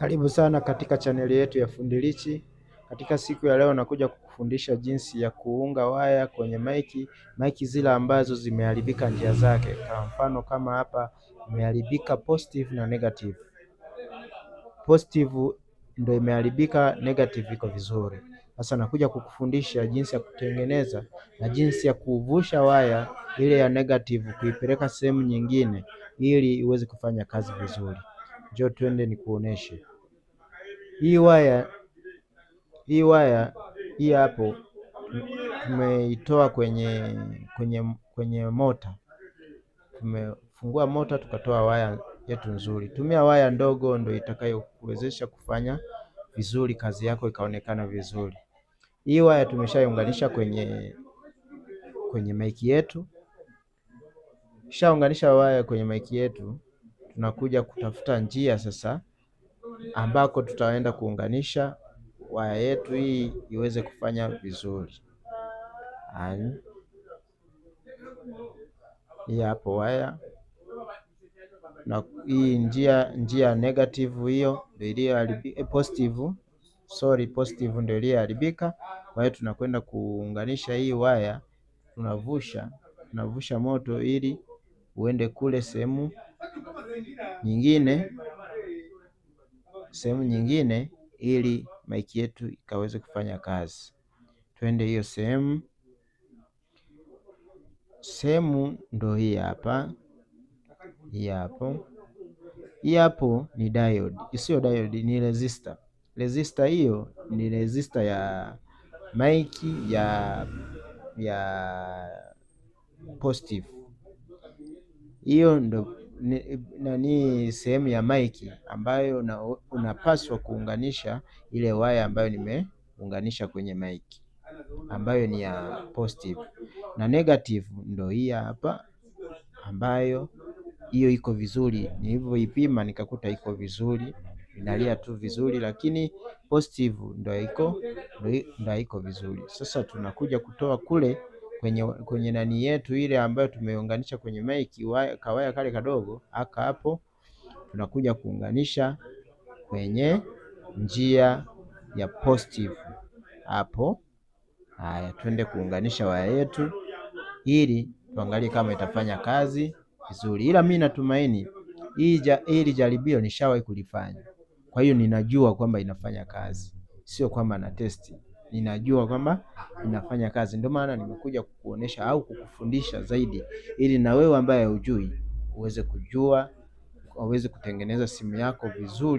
Karibu sana katika chaneli yetu ya Fundilichi. Katika siku ya leo nakuja kukufundisha jinsi ya kuunga waya kwenye maiki, maiki zile ambazo zimeharibika njia zake. Kwa mfano kama hapa imeharibika positive na negative. Positive ndio imeharibika, negative iko vizuri. Sasa nakuja kukufundisha jinsi ya kutengeneza na jinsi ya kuvusha waya ile ya negative kuipeleka sehemu nyingine ili iweze kufanya kazi vizuri. Njoo twende nikuoneshe. Hii waya hii waya hii hapo tumeitoa kwenye kwenye kwenye mota. Tumefungua mota tukatoa waya yetu nzuri. Tumia waya ndogo ndio itakayokuwezesha kufanya vizuri kazi yako ikaonekana vizuri. Hii waya tumeshaiunganisha kwenye kwenye maiki yetu. shaunganisha waya kwenye maiki yetu tunakuja kutafuta njia sasa ambako tutaenda kuunganisha waya yetu hii iweze kufanya vizuri. Hii hapo waya na hii njia njia negative hiyo ndio eh, positive, sorry, positive ndio iliyoharibika. Kwa hiyo tunakwenda kuunganisha hii waya, tunavusha tunavusha moto ili uende kule sehemu nyingine sehemu nyingine ili maiki yetu ikaweze kufanya kazi. Twende hiyo sehemu. Sehemu ndo hii hapa, hii hapo, hii hapo ni diode, isiyo diode ni resistor. Resistor hiyo ni resistor ya maiki ya ya positive, hiyo ndo nani sehemu ya maiki ambayo una, unapaswa kuunganisha ile waya ambayo nimeunganisha kwenye maiki ambayo ni ya positive na negative, ndo hii hapa ambayo hiyo iko vizuri, nilivyoipima nikakuta iko vizuri, inalia tu vizuri, lakini positive ndo iko ndo iko vizuri. Sasa tunakuja kutoa kule kwenye, kwenye nani yetu ile ambayo tumeunganisha kwenye mic kawaya kale kadogo aka hapo, tunakuja kuunganisha kwenye njia ya positive hapo. Haya, twende kuunganisha waya yetu ili tuangalie kama itafanya kazi vizuri, ila mi natumaini hili jaribio nishawahi kulifanya, kwa hiyo ninajua kwamba inafanya kazi, sio kwamba na testi ninajua kwamba inafanya kazi, ndio maana nimekuja kukuonesha au kukufundisha zaidi, ili na wewe ambaye hujui uweze kujua, uweze kutengeneza simu yako vizuri.